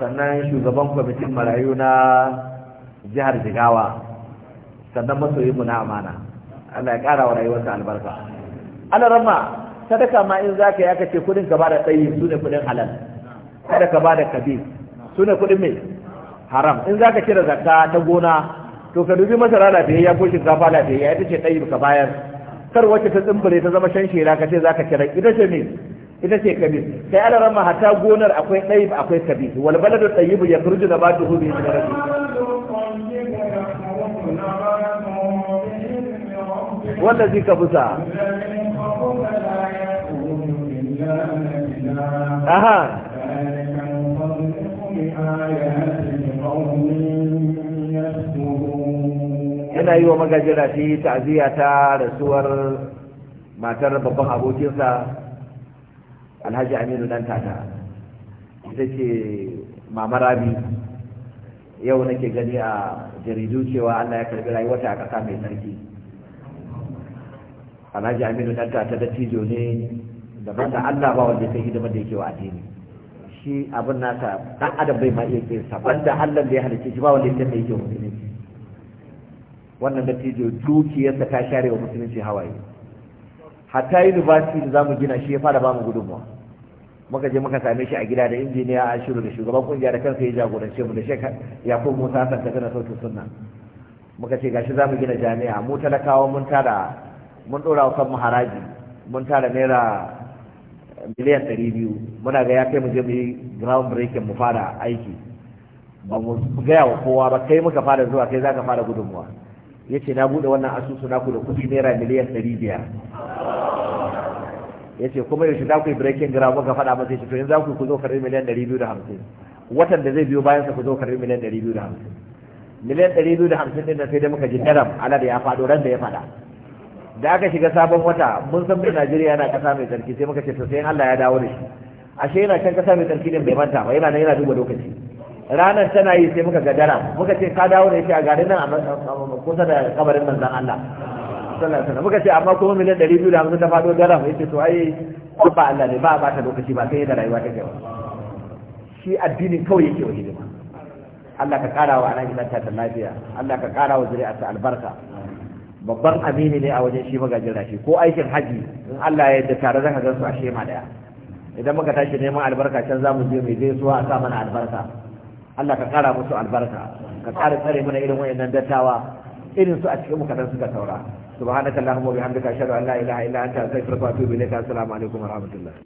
sannan shugaban kwamitin marayu na jihar jigawa sannan masoyinmu na amana Allah ya ƙara wa rayuwarsa albarka Allah rama sadaka ma in zaka ya kace kudin ka bada tsayi su ne kudin halal kada ka bada kabi su ne kudin mai haram in zaka cire zakka ta gona to ka dubi masara lafiyayya ko shinkafa lafiyayya ita ce tsayi ka bayar kar wacce ta tsimbire ta zama shan shera ka ce zaka cire ita ce me ita ce kabir sai ana rama hata gonar akwai ɗayib akwai kabir wal baladu tayyibu ya furju na ba duhu biyu da rabi wanda zai ka busa aha yana yi wa magajira shi ta'aziyya ta rasuwar matar babban abokinsa alhaji aminu dan tata ita ce mama rabi yau nake gani a jaridu cewa allah ya karbi rayuwata a ƙasa mai sarki alhaji aminu dan tata da tijo ne daban da allah ba wanda ya hidima da yake wa addini shi abin nasa dan adam bai ma iya kesa banda allah da ya halicce shi ba wanda ya yake wa musulunci wannan dattijo dukiyarsa ta share wa musulunci hawaye hatta university da zamu gina shi ya fara bamu gudunmuwa muka je muka same shi a gida da injiniya a shiru da shugaban kungiya da kansa ya jagorance mu da shek yakub musa san ta tana sautin sunna muka ce gashi zamu gina jami'a mu talakawa mun tara mun dora wa kanmu haraji mun tara naira miliyan ɗari biyu muna ga ya kai mu je mu yi ground breaking mu fara aiki ba mu gaya wa kowa ba kai muka fara zuwa kai zaka fara gudunmuwa ya ce na bude wannan asusu naku da kudi naira miliyan ɗari biyar ya ce kuma yaushe za ku yi breaking ground kuka faɗa masa ya ce to yanzu za ku ku zo karɓi miliyan ɗari biyu da hamsin watan da zai biyo bayan sa ku zo karɓi miliyan ɗari biyu da hamsin miliyan ɗari biyu da hamsin ɗin nan sai dai muka ji daram ala da ya faɗo ran da ya faɗa da aka shiga sabon wata mun san mai Najeriya yana kasa mai tsarki sai muka ce to sai Allah ya dawo da shi ashe yana kan kasa mai tsarki ne bai manta ba yana nan yana duba lokaci ranar tana yi sai muka gadara muka ce ka dawo ne shi a garin nan kusa da kabarin manzan Allah sallallahu muka ce amma kuma miliyan ɗari biyu da hamsin ta faɗo garam yace to ai ba Allah ne ba ba ta lokaci ba sai da rayuwa ta gaba shi addinin kawai yake wa hidima Allah ka kara wa anan gidan ta lafiya Allah ka kara wa ta albarka babban amini ne a wajen shi magajin rashi ko aikin haji in Allah ya yarda tare zaka gansu a shema daya idan muka tashi neman albarka can zamu je mai suwa a sa mana albarka Allah ka kara musu albarka ka kara tsare mana irin wayannan dattawa irin su a cikin mu suka saura subhanakallahumma wa bihamdika ashhadu an la ilaha illa anta astaghfiruka wa atubu ilaik assalamu alaikum wa rahmatullah